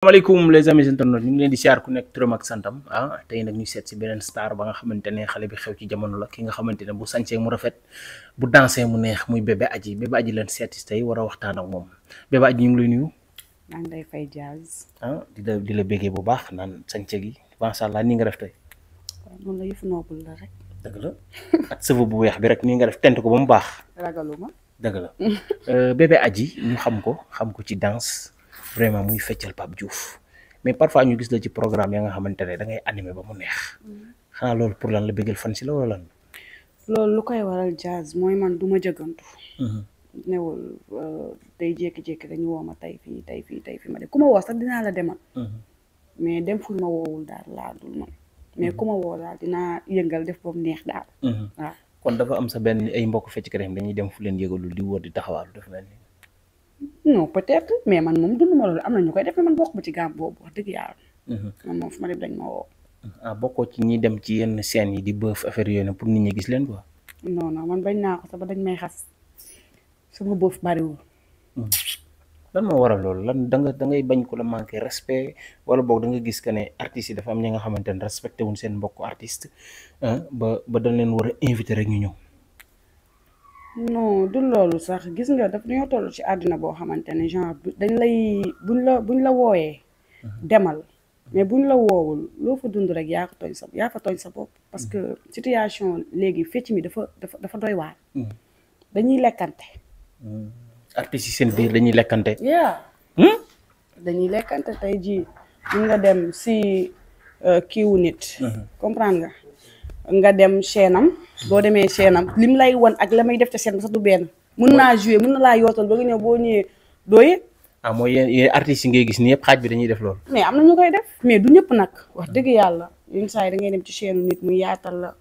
Assalamualaikum, les amis internautes ñu ngi leen di siyaar ku nek trop ak santam ah tay nak ñu si benen star ba nga xamantene xalé bi xew ci jamono la ki nga xamantene bu sañsee mu rafet bu danser mu neex muy bébé aji bébé aji leen seet ci tay wara a waxtaan ak mom bébé aji ñu ngi lay nuyu. nan day fay jazz. ah di la di la béggee bu baax nan sañse gi macha allah ni nga raf tay waaw la yëfu noobul la rek. deug la ak sëfu bu weex bi rek ni nga raf tent ko bu baax. ragaluma deug la euh, bébé aji ñu xam ko xam ko ci danse. vraiment muy feccal Pape Diouf mais parfois ñu gis la ci programme ya nga xamante ne dangay ngay animé ba mu neex xanaa loolu pour lan la bëggal fan si la wala loolu lu koy waral jazz mooy man du ma jëgantu. Mhm. newul euh, day jékki-jékki dañu woo ma tey fii tey fii tey fii ma de ku ma sax dinaa la demal. Mhm. mais dem fu ma woowul daal laa dul man mais ku ma woo daal dinaa yëngal def ba neex daal. Mhm. waaw kon dafa am sa benn ay mbokk fecc ka dañuy dem fu leen yëgalul di wër di taxawaalu def mel ni non peut-être mais man mom dund ma loolu am na def man bokku ci gaam bobu wax dëgg yàlla. Uh-huh. man mom fuma def dañ ma wo ah bokko ci ñi dem ci yenn scène yi di beuf affaire yooyu pour nit ñi gis leen quoi. non non man bañ na ko sax ba dañ may xas sama bari wu hmm. lan mo waral loolu lan da nga da ngay bañ ko la manqué respect wala bok da nga gis que né artiste yi dafa am ñi nga xamantene respecté wuñ seen mbokku artiste hein ba ba dañ leen wara inviter rek ñu ñëw. non du loolu sax gis nga daf dañoo toll ci àdduna boo xamante ne genre dañ lay buñ la buñ la wooyee mhm. demal mais buñ la woowul loo fa dund rek yaa ko tooñ sa fa tooñ sa bopp parce mhm. que situation léegi fecc mi dafa dafa dafa doy waar mhm. dañuy lekkante artistes seen biir dañuy lekkante yeah hmm? dañuy lekkante tey jii mun nga dem si euh, kiwu nit comprend nga nga dem chaînam boo demee chaînam lim lay wan ak la may def ca chaîne ba sax du benn mun naa joué mun na laa yootal ba nga ñëw boo ñëwee dooy yëg ah, mooy yéen yi ngay gis ni xaaj bi dañuy def loolu mais am na ñu koy def mais du ñëpp nag wax dëgg yàlla yenn saa yi da ngay dem ci chaîne nit mu yaatal la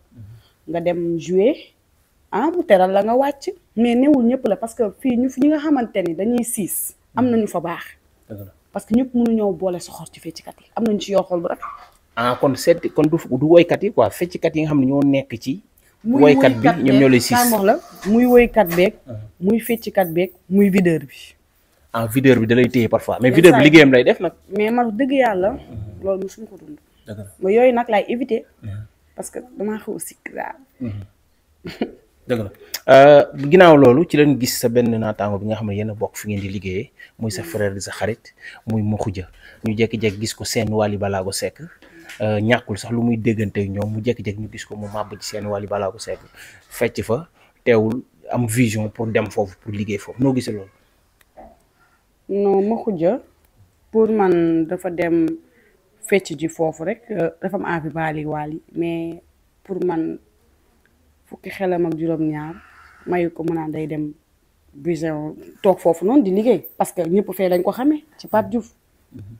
nga dem joué ah bu teral la nga wàcc mais newul ñëpp la parce que fii ñu ñi nga xamante ni dañuy siis am nañu fa baax parce que ñëpp mënu ñëw boole soxor ci feccikat yi am nañu ci yoo xool bu rek a ah, kon seet kon du du woykat yi quoi fecckat yi nga xam ne ñoo nekk ci. woykat bi ñoom ñoo lay siis la muy woykat beeg. Ah. muy fecckat beeg muy videur bi. ah videur bi da lay téye parfois mais videur bi liggéeyam lay def nag. mais man dëgg yàlla ah. loolu mosuma ko dund. dëgg la yooyu nag laay éviter. parce que damaa xaw a sikk dëgg la euh, ginnaaw loolu ci lañ gis sa benn naataango bi nga xam ne yéen a bokk fi ngeen di liggéeyee muy sa frère di sa xarit muy Mokhoudia ñu jékki-jékki gis ko seen Wally Ballago Seck Euh, ñàkkul sax lu muy déggante ñoom mu jékki-jékki ñu gis ko mu màbb ci seen wàllu balaa ko sekk fecc fa teewul am vision pour dem foofu pour liggéey foofu noo gisee loolu. non Makhoudia man dafa dem fecc ji foofu rek euh, dafa am envie baali mais pour man fukki xelam ak juróom-ñaar mayu ko mu naan day dem. busin toog foofu noonu di liggéey parce que fee lañ ko xamee ci Pape Diouf mm-hmm.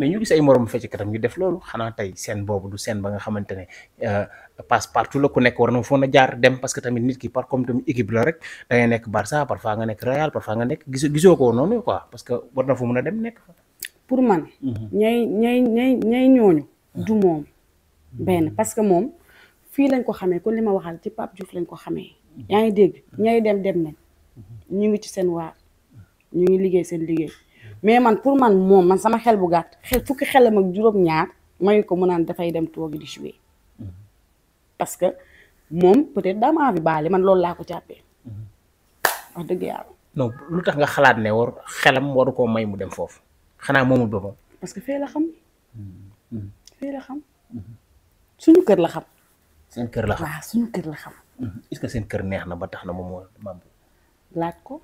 mais ñu gis ay moroom fecckatam ñu def loolu xanaa tey seen boobu du seen ba nga xamante ne euh, passe partout la ku nekk war na foon a jaar dem parce que tamit nit ki par comme tamit équipe la rek da ngay nekk Barça parfois nga nekk Real parfois nga nekk gisoo ko noonu quoi parce que war na fa mën a dem nekk fa. pour man. Mhm. ñay ñay ñay ñay ñooñu. du ah. moom. Mhm. benn parce que moom fii lañ ko xamee kon li ma waxal ci Pape Diouf lañ ko xamee. Mhm. yaa dégg ñay dem dem nañ. ñu ngi mais man pour man mom man sama xel bu gàtt xel fukki xelam ak juróom-ñaar mayu ko mu da fay dem togi di jouer parce que mom peut-être dama ma balé man loolu la ko jàppee wax deug yaa non lutax nga xalaat ne war xelam waru ko may mu dem foofu xanaa moomul boppam. parce que fé la xam. fé la xam. suñu kër la xam. seen kër la xam wa suñu kër la xam. est-ce que seen kër neex na ba tax na moom moo laaj ko.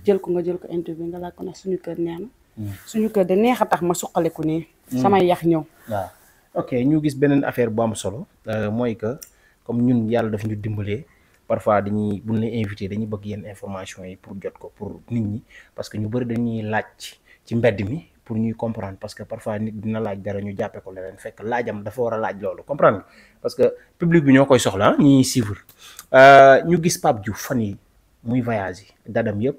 jël ko nga jël ko interview nga laaj ko nag suñu kër neex na hmm. suñu kër de neex a tax ma suqaleku nii hmm. sama yax ñëw waaw ok ñu gis beneen affaire bu am solo euh, mooy que comme ñun yàlla daf ñu dimbalee parfois dañuy buñ la invité dañuy bëgg yenn information yi pour jot ko pour nit ñi parce que ñu bëri dañuy laaj ci mbedd mi pour ñuy comprendre parce que parfois nit dina laaj dara ñu jàppee ko leneen fekk laajam dafa war a laaj loolu comprendre parce que public bi ñoo koy soxla ñi ñuy suivre euh, ñu gis Pape Diouf fan yi muy voyage yi dadam yëpp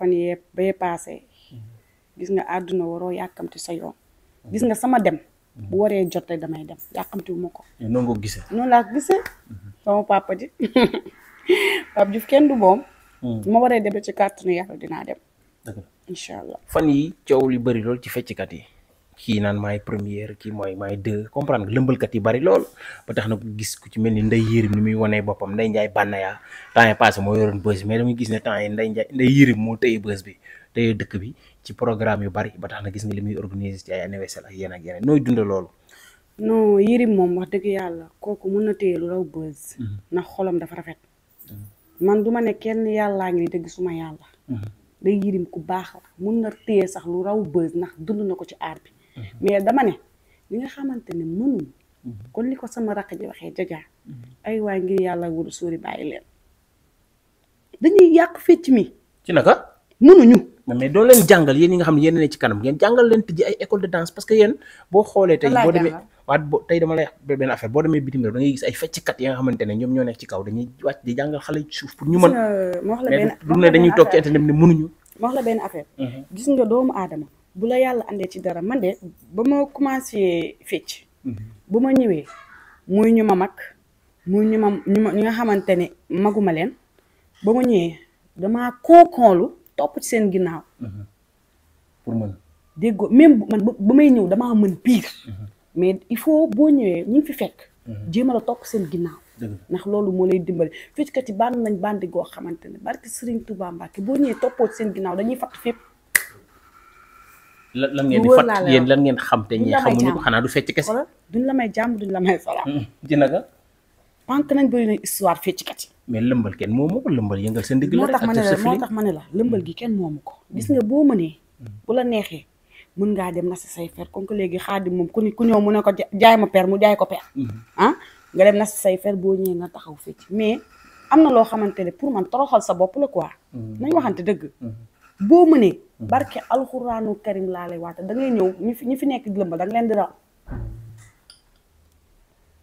fan yee bee paase mm-hmm. gis nga àdduna waroo yàkkamti sa yoon mm-hmm. gis nga sama dem bu mm-hmm. waree jot rek damay dem yàkkamti wu ma ko noonu ko gisee noonu laa gisee sama papa ji Pape kenn du boom mm. ma waree dem ci kàttanu yàlla dinaa dem incha allah fan yi coow li bëri loolu ci fecckat yi ki nan may premier, ki moy may deux comprendre nga kat yi bari lol ba tax na gis ku ci melni ndey wanai ni muy woné bopam ndey ndjay banaya temps passé mo yoron bës mais dama gis né temps yi ndey ndjay ndey yërim mo tey bi tey dekk bi ci programme yu bari ba tax na gis nga limuy organiser ci ay anniversaire ak yeneen ak yeneen noy dund lol non yërim mom wax deug yalla koku mu na tey lu raw bës mhm. na xolam dafa rafet mhm. man duma né kenn yalla ngi deug suma yalla mhm. day yirim ku bax la mun na tey sax lu raw bës nak dund na ci art Mm-hmm. mais dama ne li nga xamante ne mënuñ kon mm-hmm. li ko sama raq ji waxee jajaa mm-hmm. ay waay ngir yàlla wuru soo bàyyi leen dañuy yàq fecc mi ci naka mënuñu mais doo nga xam que yéen boo xoolee tey boo demee waa boo demee bitim réew da ngay gis ay fecckat yi ñoom ñoo nekk ci kaw dañuy wàcc di jàngal xale ci suuf pour ñu mën mais du ne dañuy toog ci internet ne mënuñu ma wax la benn affaire gis nga doomu aadama bula yalla andé ci dara man dé ba ma commencé fetch bu ma ñëwee muy ñuma mak muy ñuma ñi nga xamante maguma leen ba ma dama damaa kookoonlu topp ci sen ginnaw mhm. pour man déggoo même man ba may ñëw dama mën pire mhm. mais il faut bo ñëwé ñi fi fekk mhm. jéem la top sen ginnaw nak lolou mo lay dimbali kat yi ban nañ bandi go xamante barki Serigne Touba mbake bo ñëwee topo ci seen ginnaaw dañuy fat fépp lan lan ngeen di ngeen xam te ñi xamuñu ko xanaa du fecc kese. duñ la may jàmm duñ la may salaam. ci naka. wante nañ bëri na histoire fecckat yi. mais lëmbal kenn moomu ko lëmbal yëngal seen digg la rek. moo tax ma ne ne la lëmbal gi kenn moomu ko. gis nga boo mënee. bu la neexee mën ngaa dem na say fer comme léegi xaadim moom ku ku ñëw mu ne ko jaay ma per mu jaay mm-hmm. ah, nga dem na say fer boo ñëwee nga taxaw fecc mais am na loo xamante ne pour man toroxal sa bopp la quoi. Mm-hmm. nañ waxante dëgg. Mm-hmm. boo mënee barke alxuraanu karim laa lay waata da ñëw ñi fi ñi fi nekk lëmbal da leen di raw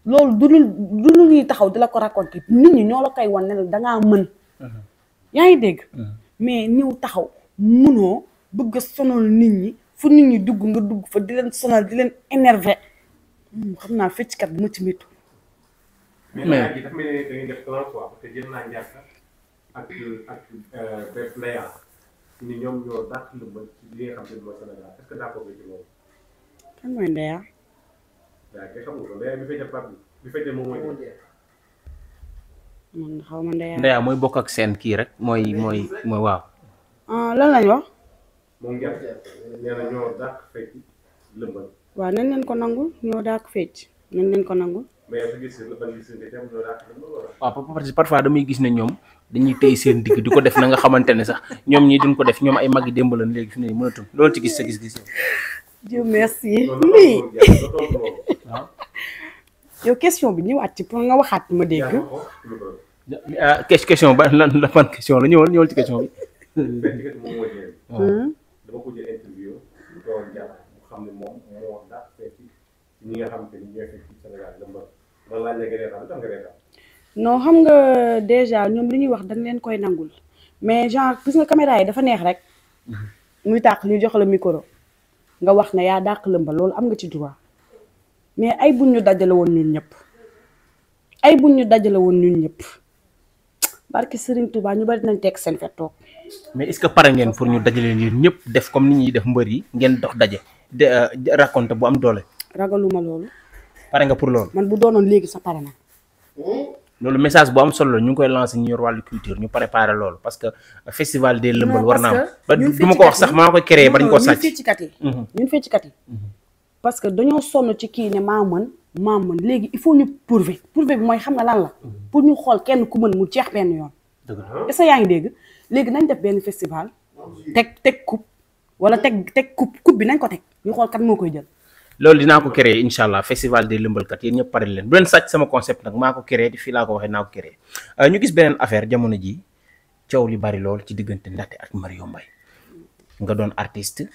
loolu du lu du taxaw di la ko raconté nit ñi ñoo la koy wan ne la dangaa mën uh-huh. yaa ngi dégg uh-huh. mais ñëw taxaw munoo bëgg a sonal nit ñi fu nit ñi dugg nga dugg fa di leen sonal di leen énervé hmm, xam naa fecckat bu ma ci ni ñoom ñoo dàq lu ba mooy kan mooy Ndeya. mooy. bokk ak seen kii rek mooy mooy mooy waaw. Ah, lan lañ wax. moom ngeen nee ko nangul ñoo dàq fecc nañ ko nangul. mais waaw parfois damay gis ne ñoom dañuy tey seen digg di ko def na nga xamante ne sax ñoom ñii duñ ko def ñoom ay mag yi démb lañ léegi fi mu ne mënatum loolu ci gis sa gis-gis. Dieu merci. yow question bi ñëwaat ci pour nga waxaat ma dégg. ah ba lan la la ñëwal ñëwal ci question bi. Hmm? Hmm? dama ko jël man laaj la xam nga non xam nga déjà ñoom li ñuy wax dañ leen koy nangul mais genre gis nga caméra yi dafa neex rek mhm. muy tàq ñu jox la micro nga wax ne yaa dàq lëmba loolu am nga ci droit mais ay buñ ñu dajale woon ñun ñëpp ay buñ ñu dajale woon ñun ñëpp barki Serigne Touba ñu bari nañ teg seen fet toog. mais est-ce que pare ngeen pour ñu dajale ñun ñëpp def comme ni ñuy def mbër yi ngeen dox daje de euh, raconte bu am doole. ragaluma loolu. paré nga pour lool man bu doonoon légui sa paré na. loolu message bu am solo ñu koy lancer ñu yor wàllu culture ñu préparer lool parce que festival des lëmbal war naa ba du ma ko wax sax maa ko créé ba dañ ko sàcc mhm. ñun feccikat yi ñun feccikat yi parce que dañoo sonn ci ki ne maa mën maa mën léegi il faut ñu prouver prouver bi mooy xam nga lan la mhm. pour ñu xol kenn ku mën mu jeex ben yoon est-ce que yaa dégg légui nañ def ben festival teg teg coupe wala teg teg coupe coupe bi nañ ko teg ñu xol kat moo koy jël loolu dinaa ko créer incha allah festival des lëmbalkat yéen ñëpp pare leen bu leen sàcc sama concept nag maa ko créer fii laa ko waxee naa ko créer euh, ñu bari lool ci diggante Ndaté ak Mario Mbaye nga doon artist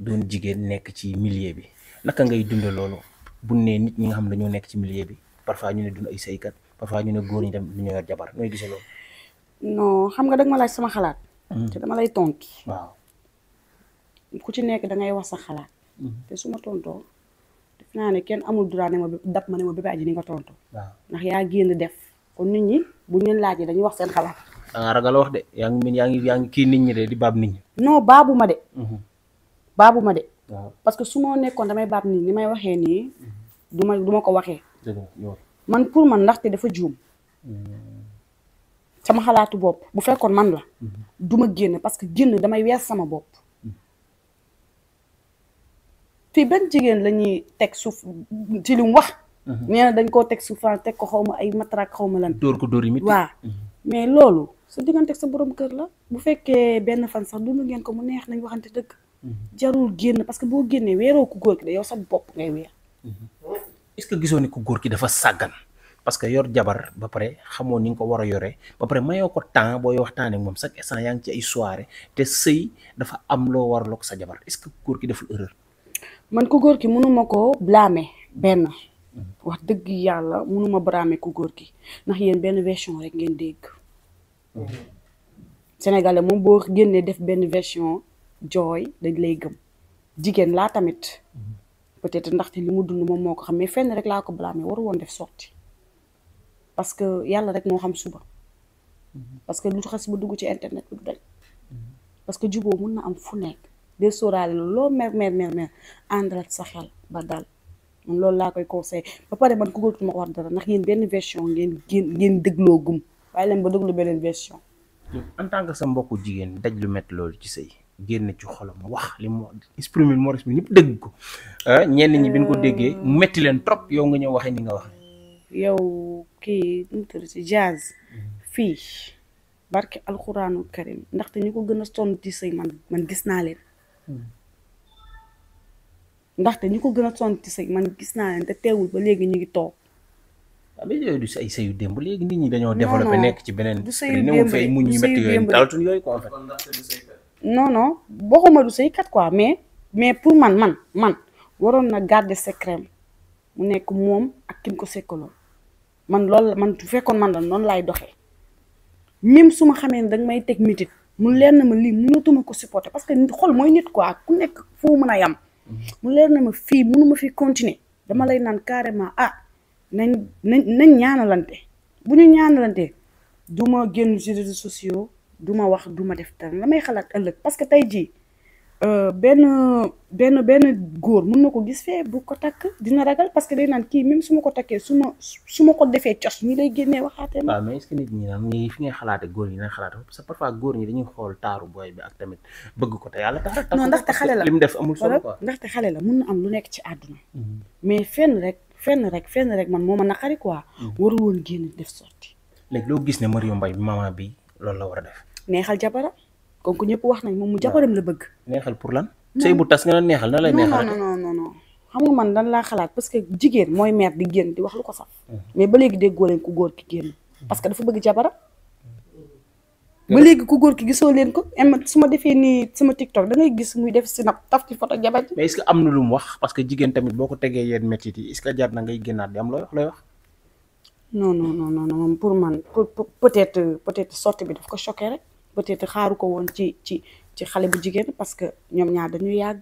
doon jigéen nekk ci millier bi naka ngay dund loolu bu nee nit ñi nga xam ne dañoo nekk ci millier bi parfois ñu ne dund ay saykat parfois ñu ne góor ñi dem dañoo yor jabar nooy gisee loolu. non xam nga dag laaj sama xalaat. Hmm. te dama lay tontu. waaw ku ci nekk da wax sa xalaat. Mhm. te suma tonto def na ne ken amul droit ne ma dab ma ne ma bébé aji ni nga tonto ndax ya genn def kon nit ñi buñ leen laaji dañuy wax seen xalaat da nga ragal wax de yaa ngi ngi nit ñi de di bab nit ñi non baabu ma de Paske mhm. ma de parce que suma ma damay bab nit ñi may ni duma duma ko man pour man ndaxte dafa joom mhm. sama xalaatu bop bu fekkon man la duma genn parce que genn damay wees sama bop fi ben jigen lañuy tek teg ci lu wax. Mhm. neena na dañ koo teg suuf tek ko xawma ay matraque xaw ma lan. dor ko dor yi wa mhm. mais lolu sa diggante sa borom keur la. bu fekke ben fan sax dund ngeen ko mu neex nañ waxante deug mhm. jarul genn parce que bo genné wéro ko gor ki da yow sa bop ngay wéx est ce que gisoo ko gor ki dafa sagan parce que yor jabar ba pare xamoo ni nga ko wara yoré ba pare mayo ko temps boy waxtane mom sax instant yang ci ay soirée té sey dafa am war lok sa jabar est ce que gor ki deful erreur. man ku góor ki mënuma koo blâmer benn wax dëgg yàlla mënuma blâmer ku góor ki ndax yéen benn version rek ngeen dégg sénégalais moom boo génnee def benn version jooy dañ lay gëm jigéen laa tamit peut-être ndaxte li mu dund moom moo ko xam mais fenn rek laa ko blâmer waru woon def sorti parce que yàlla rek moo xam suba parce que lu xas ba dugg ci internet parce que juboo mun na am fu nekk de sóoraale loolu loo mer mer mer mer àndal ak sa xel ba dal loolu laa koy conseil ba pare man ku góortuma wax dara ndax yéen benn version ngeen ngeen ngeen dégloo gum leen ba déglu beneen version en tant que sa mbokku jigéen daj lu métti loolu ci sëy génn ci xolam wax li mu exprimer moo respect ñëpp dégg ko ah, ñenn ñi bi ñu ko euh, déggee métti leen trop yow nga ñëw waxee ni nga waxee yow kii nu tëdd si jazz fii barke ñu ko gën a sonn ci sëy man man gis naa leen Hmm. ndaxte ñu ko gën a sonn ci sëy man gis naa leen te teewul ba léegi ñu ngi toog. waaw ah, mais yooyu du say sëyu léegi nit ñi dañoo. développé nekk ci beneen. du sëyu démb fay muñ ñu métti yooyu dalatul yooyu quoi. non non waxuma du sëy quoi mais mais pour man man man waroon na garder secret mu nekk moom ak kim ko sekkaloon man loolu man su fekkoon man la noonu laay doxee même su ma xamee ne danga may teg mitit mu leer na ma lii mënatuma ko supporter parce que xol mooy nit quoi ku nekk foo mën a yam mu leer na ma fii ma fi continuer dama lay naan carrément ah nañ nañ nañ ñaanalante bu ñu ñaanalante du ma génn ci réseaux sociaux du ma wax du ma def dara damay xalaat ëllëg parce que tey jii Euh, benn benn benn góor mun na ko gis fee bu ko takk dina ragal parce que day naan kii même su ma ko takkee su ma su ma ko defee cos ñi lay génnee waxaatee. waaw ah, mais est ce que fi ngay xalaate góor ñi dañuy xalaate parce que parfois góor ñi dañuy xool taaru booy bi ak tamit bëgg ko te yàlla tax non ndaxte xale la li mu amul solo quoi ndaxte la mun na am lu nekk ci àdduna. Mhm. mais fenn rek fenn rek fenn rek man moo ma naqari quoi. Mhm. waru woon génn def sorti léegi loo gis ne Mario Mbaye bi maman bi loolu la war a def. neexal jabara Ya. Nah. kon hmm. ku ñëpp wax nañ moom mu jappo dem la bëgg neexal pour lan sey bu tass nga la neexal na lay neexal non non non non xam nga man dan la xalaat parce que jigéen moy mère di genn di wax lu ko sax mais ba légui déggoo leen ku góor ki genn parce que dafa bëgg jabaram ba légui ku góor ki gisoo leen ko em suma défé ni suma tiktok da ngay gis muy def si nag taf ci photo jabar mais ya, est ce que amna lu mu wax parce que jigéen tamit boko téggé yeen yéen métit est ce que jar na ngay gennat di am loy wax loy wax non non non non pour man peut être peut être sortie bi daf ko choquer eh, rek peut-être xaaru ko woon ci ci ci xale bu jigéen parce que ñoom ñaar dañuy yàgg.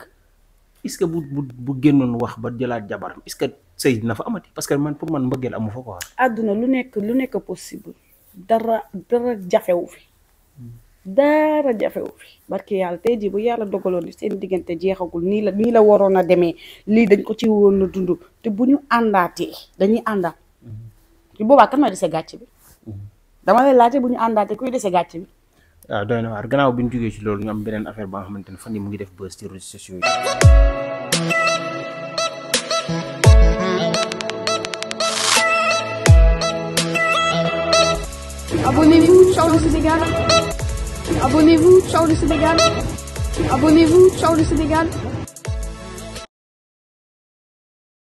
est-ce que bu bu bu génnoon wax ba jëlaat jabaram est-ce que sëy dina fa amati parce que man pour man mbëggeel ko fa quoi. àdduna lu nekk lu nekk possible dara dara jafewu fi dara jafewu fi barki yàlla tey jii bu yàlla dogaloon di seen diggante jeexagul nii la nii la waroon a demee lii dañ ko ci woon a dund te bu ñu àndaatee dañuy àndaat. bu mhm. boobaa kan mooy dese gàcce bi. Mhm. dama lay laajte bu ñu àndaatee bi. Ah, doyna war na waar gannaaw bi ñu ci loolu ñu am benen affaire ba nga xamante ne fan mu ngi def buzz ci réseaux sociaux yi Abonnez-vous, ciao le Sénégal. Abonnez-vous, ciao le Sénégal. Abonnez-vous, ciao le Sénégal.